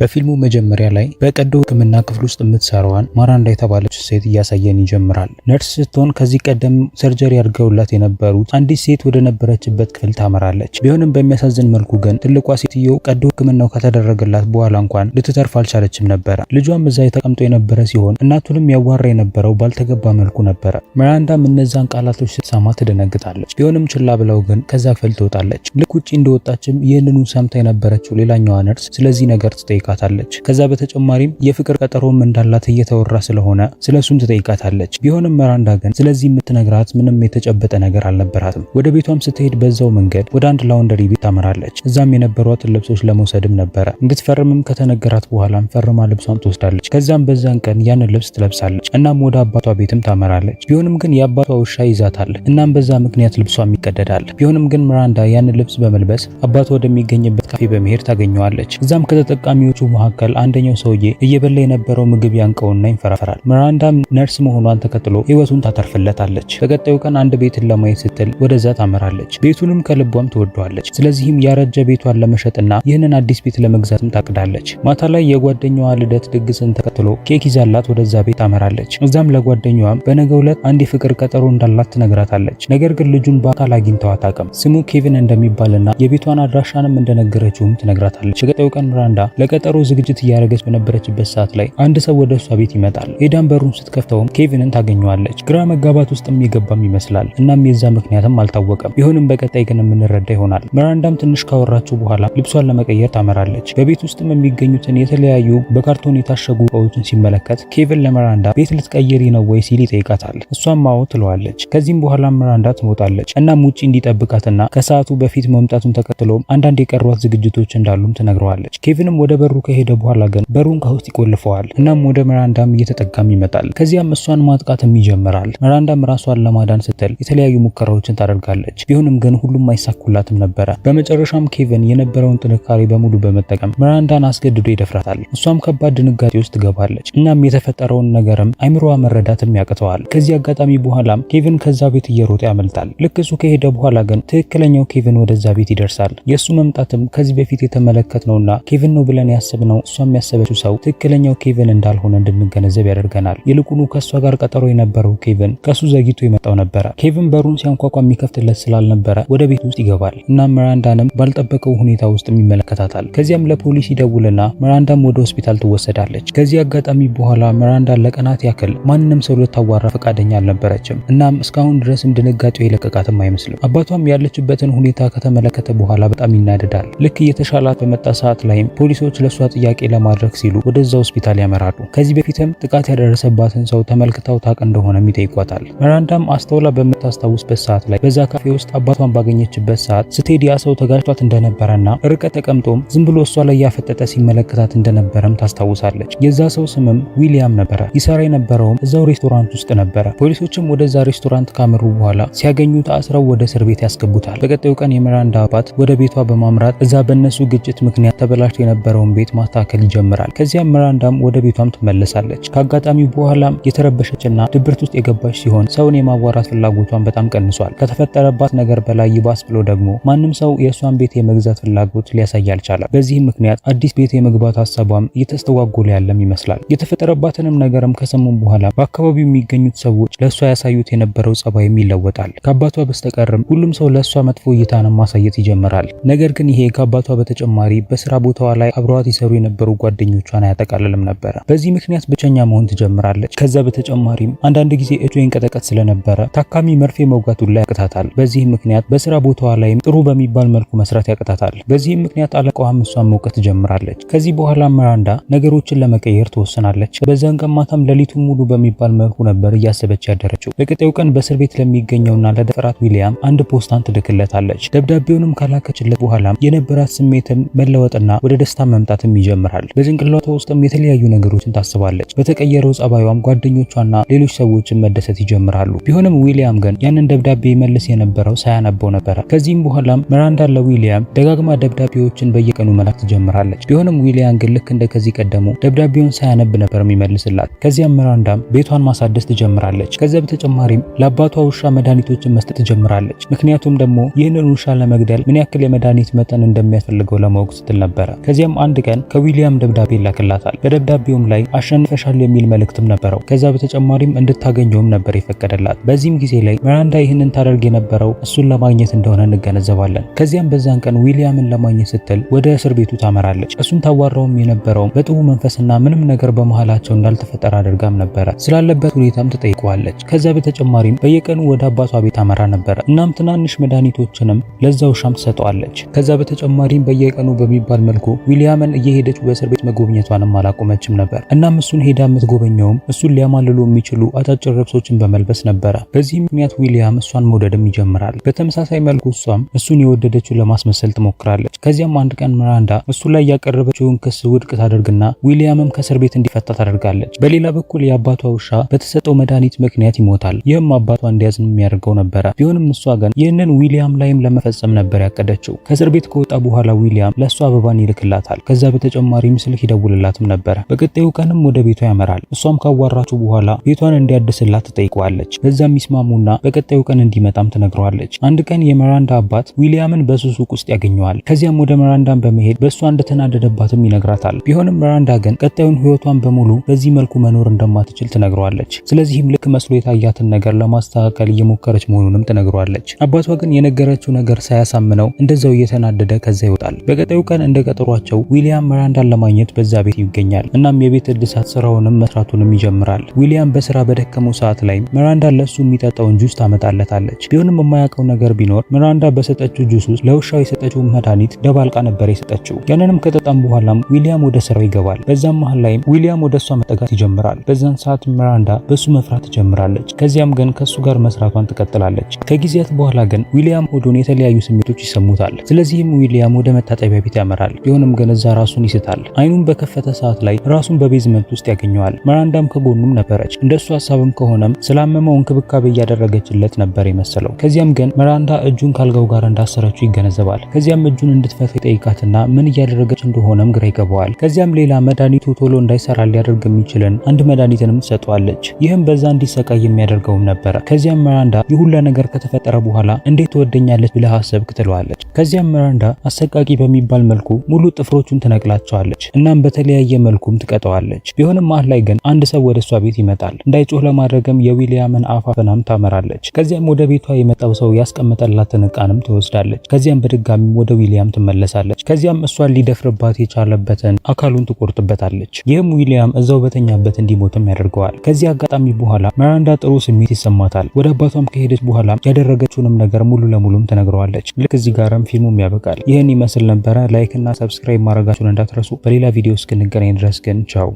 በፊልሙ መጀመሪያ ላይ በቀዶ ሕክምና ክፍል ውስጥ የምትሰራዋን ማራንዳ የተባለች ሴት እያሳየን ይጀምራል። ነርስ ስትሆን ከዚህ ቀደም ሰርጀሪ አድርገውላት የነበሩት አንዲት ሴት ወደ ነበረችበት ክፍል ታመራለች። ቢሆንም በሚያሳዝን መልኩ ግን ትልቋ ሴትዮ ቀዶ ሕክምናው ከተደረገላት በኋላ እንኳን ልትተርፍ አልቻለችም ነበረ። ልጇም እዛ ተቀምጦ የነበረ ሲሆን እናቱንም ያዋራ የነበረው ባልተገባ መልኩ ነበረ። ሚራንዳም እነዛን ቃላቶች ስትሰማ ትደነግጣለች። ቢሆንም ችላ ብለው ግን ከዛ ክፍል ትወጣለች። ልክ ውጭ እንደወጣችም ይህንኑ ሰምታ የነበረችው ሌላኛዋ ነርስ ስለዚህ ነገር ትጠይቃል ታካታለች። ከዛ በተጨማሪም የፍቅር ቀጠሮም እንዳላት እየተወራ ስለሆነ ስለሱም ትጠይቃታለች። ቢሆንም መራንዳ ግን ስለዚህ የምትነግራት ምንም የተጨበጠ ነገር አልነበራትም። ወደ ቤቷም ስትሄድ በዛው መንገድ ወደ አንድ ላውንደሪ ቤት ታመራለች። እዛም የነበሯትን ልብሶች ለመውሰድም ነበረ። እንድትፈርምም ከተነገራት በኋላም ፈርማ ልብሷን ትወስዳለች። ከዛም በዛን ቀን ያንን ልብስ ትለብሳለች። እናም ወደ አባቷ ቤትም ታመራለች። ቢሆንም ግን የአባቷ ውሻ ይዛታል። እናም በዛ ምክንያት ልብሷም ይቀደዳል። ቢሆንም ግን ምራንዳ ያንን ልብስ በመልበስ አባቷ ወደሚገኝበት ካፌ በመሄድ ታገኘዋለች። እዛም ከተጠቃሚዎቹ መካከል አንደኛው ሰውዬ እየበላ የነበረው ምግብ ያንቀውና ይንፈራፈራል። ሚራንዳም ነርስ መሆኗን ተከትሎ ህይወቱን ታተርፍለታለች። በቀጣዩ ቀን አንድ ቤትን ለማየት ስትል ወደዛ ታመራለች። ቤቱንም ከልቧም ትወደዋለች። ስለዚህም ያረጀ ቤቷን ለመሸጥና ይህንን አዲስ ቤት ለመግዛትም ታቅዳለች። ማታ ላይ የጓደኛዋ ልደት ድግስን ተከትሎ ኬክ ይዛላት ወደዛ ቤት ታመራለች። እዛም ለጓደኛዋም በነገው ዕለት አንድ የፍቅር ቀጠሮ እንዳላት ትነግራታለች። ነገር ግን ልጁን በአካል አግኝተዋት አቅም ስሙ ኬቪን እንደሚባልና የቤቷን አድራሻንም እንደነገ እንደነገረችውም ትነግራታለች። የቀጣዩ ቀን ሚራንዳ ለቀጠሮ ዝግጅት እያደረገች በነበረችበት ሰዓት ላይ አንድ ሰው ወደ እሷ ቤት ይመጣል። ሄዳን በሩን ስትከፍተውም ኬቪንን ታገኘዋለች። ግራ መጋባት ውስጥ የሚገባም ይመስላል። እናም የዛ ምክንያትም አልታወቀም። ቢሆንም በቀጣይ ግን የምንረዳ ይሆናል። ሚራንዳም ትንሽ ካወራችሁ በኋላ ልብሷን ለመቀየር ታመራለች። በቤት ውስጥም የሚገኙትን የተለያዩ በካርቶን የታሸጉ እቃዎችን ሲመለከት ኬቪን ለሚራንዳ ቤት ልትቀይሪ ነው ወይ ሲል ይጠይቃታል። እሷም አዎ ትለዋለች። ከዚህም በኋላ ሚራንዳ ትሞጣለች። እናም ውጪ እንዲጠብቃትና ከሰዓቱ በፊት መምጣቱን ተከትሎም አንዳንድ የቀሯት ዝግጅቶች እንዳሉም ትነግረዋለች። ኬቪንም ወደ በሩ ከሄደ በኋላ ግን በሩን ከውስጥ ይቆልፈዋል። እናም ወደ መራንዳም እየተጠጋም ይመጣል። ከዚያም እሷን ማጥቃትም ይጀምራል። መራንዳም ራሷን ለማዳን ስትል የተለያዩ ሙከራዎችን ታደርጋለች። ቢሆንም ግን ሁሉም አይሳኩላትም ነበረ። በመጨረሻም ኬቪን የነበረውን ጥንካሬ በሙሉ በመጠቀም መራንዳን አስገድዶ ይደፍራታል። እሷም ከባድ ድንጋጤ ውስጥ ትገባለች። እናም የተፈጠረውን ነገርም አይምሮዋ መረዳትም ያቅተዋል። ከዚህ አጋጣሚ በኋላም ኬቪን ከዛ ቤት እየሮጠ ያመልጣል። ልክ እሱ ከሄደ በኋላ ግን ትክክለኛው ኬቪን ወደዛ ቤት ይደርሳል። የእሱ መምጣትም ከዚህ በፊት የተመለከትነውና ኬቪን ነው ብለን ነው። እሷም ያሰበችው ሰው ትክክለኛው ኬቪን እንዳልሆነ እንድንገነዘብ ያደርገናል። ይልቁኑ ከእሷ ጋር ቀጠሮ የነበረው ኬቪን ከሱ ዘግይቶ የመጣው ነበረ። ኬቪን በሩን ሲያንኳኳ የሚከፍትለት ስላልነበረ ወደ ቤት ውስጥ ይገባል እና ምራንዳንም ባልጠበቀው ሁኔታ ውስጥ ይመለከታታል። ከዚያም ለፖሊስ ይደውልና ምራንዳም ወደ ሆስፒታል ትወሰዳለች። ከዚህ አጋጣሚ በኋላ ምራንዳ ለቀናት ያክል ማንንም ሰው ልታዋራ ፈቃደኛ አልነበረችም። እናም እስካሁን ድረስም ድንጋጤው የለቀቃትም አይመስልም። አባቷም ያለችበትን ሁኔታ ከተመለከተ በኋላ በጣም ይናደዳል። ልክ እየተሻላት በመጣ ሰዓት ላይም ፖሊሶች ለእሷ ጥያቄ ለማድረግ ሲሉ ወደዛ ሆስፒታል ያመራሉ። ከዚህ በፊትም ጥቃት ያደረሰባትን ሰው ተመልክተው ታቅ እንደሆነም ይጠይቋታል። መራንዳም አስተውላ በምታስታውስበት ሰዓት ላይ በዛ ካፌ ውስጥ አባቷን ባገኘችበት ሰዓት ስትሄድ ያ ሰው ተጋጭቷት እንደነበረና ርቀት ተቀምጦም ዝም ብሎ እሷ ላይ ያፈጠጠ ሲመለከታት እንደነበረም ታስታውሳለች። የዛ ሰው ስምም ዊሊያም ነበረ። ይሰራ የነበረውም እዛው ሬስቶራንት ውስጥ ነበረ። ፖሊሶችም ወደዛ ሬስቶራንት ካመሩ በኋላ ሲያገኙት አስረው ወደ እስር ቤት ያስገቡታል። በቀጣዩ ቀን የሚራንዳ አባት ወደ ቤቷ በማምራት እዛ በእነሱ ግጭት ምክንያት ተበላሽቶ የነበረውን ቤት ማስተካከል ይጀምራል። ከዚያም ሚራንዳም ወደ ቤቷም ትመለሳለች። ከአጋጣሚው በኋላም የተረበሸችና ድብርት ውስጥ የገባች ሲሆን ሰውን የማዋራት ፍላጎቷን በጣም ቀንሷል። ከተፈጠረባት ነገር በላይ ይባስ ብሎ ደግሞ ማንም ሰው የእሷን ቤት የመግዛት ፍላጎት ሊያሳይ አልቻለም። በዚህም ምክንያት አዲስ ቤት የመግባት ሀሳቧም እየተስተጓጎለ ያለም ይመስላል። የተፈጠረባትንም ነገርም ከሰሙም በኋላ በአካባቢው የሚገኙት ሰዎች ለእሷ ያሳዩት የነበረው ጸባይም ይለወጣል። ከአባቷ በስተቀርም ሁሉም ሰው ለእሷ መጥፎ እይታንም ማሳየት ይጀምራል። ነገር ግን ይሄ ከአባቷ በተጨማሪ በስራ ቦታዋ ላይ አብረዋት ይሰሩ የነበሩ ጓደኞቿን አያጠቃልልም ነበረ። በዚህ ምክንያት ብቸኛ መሆን ትጀምራለች። ከዛ በተጨማሪም አንዳንድ ጊዜ እጇ ይንቀጠቀጥ ስለነበረ ታካሚ መርፌ መውጋቱን ላይ ያቅታታል። በዚህም ምክንያት በስራ ቦታዋ ላይም ጥሩ በሚባል መልኩ መስራት ያቅታታል። በዚህም ምክንያት አለቃዋም እሷን መውቀት ትጀምራለች። ከዚህ በኋላ ምራንዳ ነገሮችን ለመቀየር ትወስናለች። በዛን ቀን ማታም ሌሊቱን ሙሉ በሚባል መልኩ ነበር እያሰበች ያደረችው። በቅጤው ቀን በእስር ቤት ለሚገኘውና ለደፈራት ዊሊያም አንድ ፖስታን ትልክለታለች። ደብዳቤውንም ካላከችለት በኋላም የነበረ የፍርሃት ስሜትም መለወጥና ወደ ደስታ መምጣትም ይጀምራል። በጭንቅላቷ ውስጥም የተለያዩ ነገሮችን ታስባለች። በተቀየረው ጸባዩም ጓደኞቿና ሌሎች ሰዎችን መደሰት ይጀምራሉ። ቢሆንም ዊሊያም ግን ያንን ደብዳቤ መልስ የነበረው ሳያነበው ነበረ። ከዚህም በኋላም ሚራንዳ ለዊሊያም ደጋግማ ደብዳቤዎችን በየቀኑ መላክ ትጀምራለች። ቢሆንም ዊሊያም ግን ልክ እንደ ከዚህ ቀደሙ ደብዳቤውን ሳያነብ ነበር የሚመልስላት። ከዚያም ሚራንዳም ቤቷን ማሳደስ ትጀምራለች። ከዚያ በተጨማሪም ለአባቷ ውሻ መድኃኒቶችን መስጠት ትጀምራለች። ምክንያቱም ደግሞ ይህንን ውሻ ለመግደል ምን ያክል የመድኃኒት መጠን እንደሚያስፈልገው ለማወቅ ስትል ነበረ። ከዚያም አንድ ቀን ከዊሊያም ደብዳቤ ይላክላታል። በደብዳቤውም ላይ አሸንፈሻል የሚል መልእክትም ነበረው። ከዛ በተጨማሪም እንድታገኘውም ነበር የፈቀደላት። በዚህም ጊዜ ላይ ሚራንዳ ይህንን ታደርግ የነበረው እሱን ለማግኘት እንደሆነ እንገነዘባለን። ከዚያም በዛን ቀን ዊሊያምን ለማግኘት ስትል ወደ እስር ቤቱ ታመራለች። እሱን ታዋራውም የነበረውም በጥሩ መንፈስና ምንም ነገር በመሃላቸው እንዳልተፈጠረ አድርጋም ነበረ። ስላለበት ሁኔታም ትጠይቀዋለች። ከዛ በተጨማሪም በየቀኑ ወደ አባቷ ቤት ታመራ ነበረ። እናም ትናንሽ መድኃኒቶችንም ለዛው ሻም ትሰጠዋለች። ከዛ በተጨ በተጨማሪም በየቀኑ በሚባል መልኩ ዊሊያምን እየሄደች በእስር ቤት መጎብኘቷንም አላቆመችም ነበር። እናም እሱን ሄዳ የምትጎበኘውም እሱን ሊያማልሉ የሚችሉ አጫጭር ልብሶችን በመልበስ ነበረ። በዚህም ምክንያት ዊሊያም እሷን መውደድም ይጀምራል። በተመሳሳይ መልኩ እሷም እሱን የወደደችው ለማስመሰል ትሞክራለች። ከዚያም አንድ ቀን ምራንዳ እሱ ላይ ያቀረበችውን ክስ ውድቅ ታደርግና ዊሊያምም ከእስር ቤት እንዲፈታ ታደርጋለች። በሌላ በኩል የአባቷ ውሻ በተሰጠው መድኃኒት ምክንያት ይሞታል። ይህም አባቷ እንዲያዝን የሚያደርገው ነበረ። ቢሆንም እሷ ግን ይህንን ዊሊያም ላይም ለመፈጸም ነበር ያቀደችው። ከእስር ቤት ከወጣ በኋላ ዊሊያም ለእሷ አበባን ይልክላታል። ከዛ በተጨማሪም ስልክ ይደውልላትም ነበረ። በቀጣዩ ቀንም ወደ ቤቷ ያመራል። እሷም ካዋራችው በኋላ ቤቷን እንዲያድስላት ትጠይቀዋለች። በዛም ይስማሙና በቀጣዩ ቀን እንዲመጣም ትነግረዋለች። አንድ ቀን የመራንዳ አባት ዊሊያምን በሱ ሱቅ ውስጥ ያገኘዋል። ከዚያም ወደ መራንዳን በመሄድ በእሷ እንደተናደደባትም ይነግራታል። ቢሆንም መራንዳ ግን ቀጣዩን ህይወቷን በሙሉ በዚህ መልኩ መኖር እንደማትችል ትነግረዋለች። ስለዚህም ልክ መስሎ የታያትን ነገር ለማስተካከል እየሞከረች መሆኑንም ትነግረዋለች። አባቷ ግን የነገረችው ነገር ሳያሳምነው እንደዛው እየተናደደ ከዛ ይወጣል። በቀጣዩ ቀን እንደ ቀጠሯቸው ዊሊያም ሚራንዳን ለማግኘት በዛ ቤት ይገኛል። እናም የቤት እድሳት ስራውንም መስራቱንም ይጀምራል። ዊሊያም በስራ በደከመው ሰዓት ላይ ሚራንዳ ለሱ የሚጠጣውን ጁስ ታመጣለታለች። ቢሆንም የማያውቀው ነገር ቢኖር ሚራንዳ በሰጠችው ጁስ ውስጥ ለውሻው የሰጠችውን መድኃኒት ደባልቃ ነበር የሰጠችው። ያንንም ከጠጣም በኋላም ዊሊያም ወደ ስራው ይገባል። በዛም መሃል ላይም ዊሊያም ወደ እሷ መጠጋት ይጀምራል። በዛን ሰዓት ሚራንዳ በሱ መፍራት ትጀምራለች። ከዚያም ግን ከሱ ጋር መስራቷን ትቀጥላለች። ከጊዜያት በኋላ ግን ዊሊያም ሆዶን የተለያዩ ስሜቶች ይሰሙታል። ስለዚህም ዊሊያም ዊሊያም ወደ መታጠቢያ ቤት ያመራል። ቢሆንም ግን እዛ ራሱን ይስታል። አይኑን በከፈተ ሰዓት ላይ ራሱን በቤዝመንት ውስጥ ያገኘዋል። መራንዳም ከጎኑም ነበረች። እንደሱ ሀሳብም ከሆነም ስላመመው እንክብካቤ እያደረገችለት ነበር የመሰለው። ከዚያም ግን መራንዳ እጁን ካልጋው ጋር እንዳሰረችው ይገነዘባል። ከዚያም እጁን እንድትፈታ ይጠይቃትና ምን እያደረገች እንደሆነም ግራ ይገባዋል። ከዚያም ሌላ መድኃኒቱ ቶሎ እንዳይሰራ ሊያደርግ የሚችልን አንድ መድኃኒትንም ትሰጠዋለች። ይህም በዛ እንዲሰቃይ የሚያደርገውም ነበረ። ከዚያም መራንዳ የሁላ ነገር ከተፈጠረ በኋላ እንዴት ትወደኛለች ብለህ አሰብክ ትለዋለች። ከዚያም መራንዳ አሰቃቂ በሚባል መልኩ ሙሉ ጥፍሮቹን ትነቅላቸዋለች። እናም በተለያየ መልኩም ትቀጠዋለች። ቢሆንም መሀል ላይ ግን አንድ ሰው ወደ እሷ ቤት ይመጣል። እንዳይጮህ ለማድረግም የዊሊያምን አፋፍናም ታመራለች። ከዚያም ወደ ቤቷ የመጣው ሰው ያስቀመጠላትን ዕቃንም ትወስዳለች። ከዚያም በድጋሚም ወደ ዊሊያም ትመለሳለች። ከዚያም እሷን ሊደፍርባት የቻለበትን አካሉን ትቆርጥበታለች። ይህም ዊሊያም እዛው በተኛበት እንዲሞትም ያደርገዋል። ከዚህ አጋጣሚ በኋላ ሚራንዳ ጥሩ ስሜት ይሰማታል። ወደ አባቷም ከሄደች በኋላ ያደረገችውንም ነገር ሙሉ ለሙሉም ትነግረዋለች። ልክ እዚህ ጋርም ፊልሙም ያበቃል። ይህን ይመስል ነበረ። ላይክ እና ሰብስክራይብ ማድረጋችሁን እንዳትረሱ። በሌላ ቪዲዮ እስክንገናኝ ድረስ ግን ቻው።